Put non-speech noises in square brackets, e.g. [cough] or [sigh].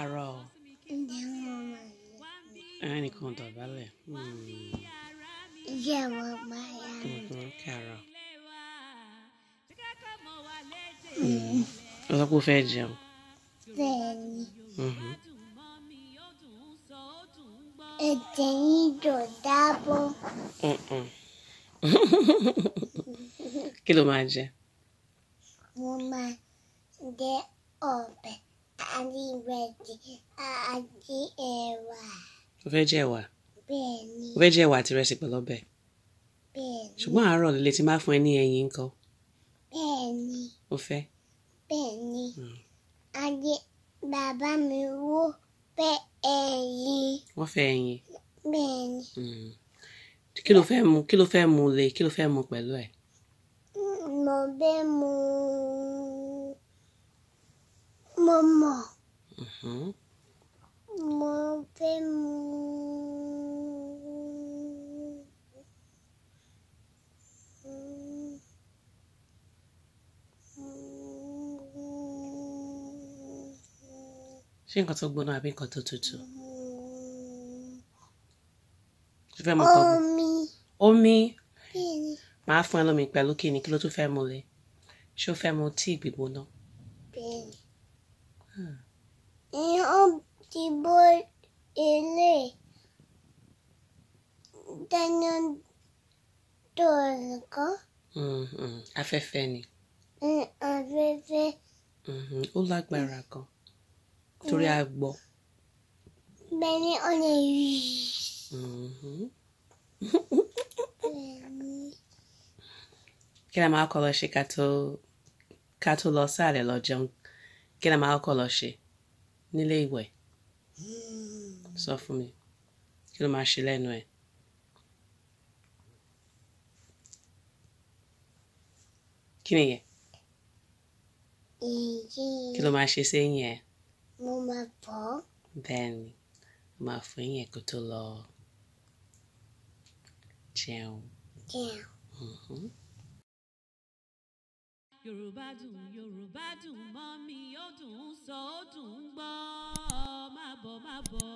àárọ̀ ẹnìkan dọ̀bálẹ̀ ìyá wọn bá yà mí. kàárọ̀ ọ sọ pé ó fẹ́ jẹun. bẹ́ẹ̀ni. Mm-hmm. ẹ̀jẹ̀ yín jò dábọ̀. [laughs] kí ló máa jẹ. mo máa the open and the veggie and the ẹ̀wà. o fẹ́ jẹ ẹ̀wà. bẹ́ẹ̀ni. o fẹ́ jẹ ẹ̀wà àti ìrẹsì pẹ̀lú ọbẹ̀. bẹ́ẹ̀ni. ṣùgbọ́n àárọ̀ lè ti máa fún ẹ ní ẹyin ńkọ́. bẹ́ẹ̀ni. o fẹ́. bẹ́ẹ̀ni. Hmm. adé bàbá mi wó fẹ́ ẹyin. wọ́n fẹ́ ẹyin. bẹ́ẹ̀ni. Hmm. kí ló fẹ́ mu kí ló fẹ́ mu lè kí ló fẹ́ mu pẹ̀lú ẹ̀. mo fẹ́ mu. ṣé nǹkan tó gbóná àbí nǹkan tó tutù ṣe fẹ́ mu kọ́ omi omi màá fún ẹ lómi pẹ̀lú kíni kí ló tún fẹ́ mu lé ṣé o fẹ́ mu tíì gbígbóná. ó hmm. ti bó ilé dáná tó nǹkan. Hmm, hmm. afẹ́fẹ́ ni. afẹ́fẹ́. ó lágbára gan-an torí a gbọ́. bẹ́ẹ̀ni ó lè rí. Mm-hmm. [laughs] kí ni a máa kọ́ lọ ṣe ká tó lọ sáré lọ jẹun kí ni a máa kọ́ lọ ṣe nílé ìwẹ̀ sọ fún mi kí ló máa ṣe lẹ́nu ẹ̀. kí ni yẹn kí ló máa ṣe sẹ́yìn ẹ̀ mo máa fọ̀ ọ́. bẹ́ẹ̀ ni máa fọ eyín ẹ̀ kó tó lọ jẹun. jẹun. Mm-hmm. Yorùbá dùn Yorùbá dùn mọ́ mi ó dùn sọ ó dùn gbọ́ má bọ̀ má bọ̀.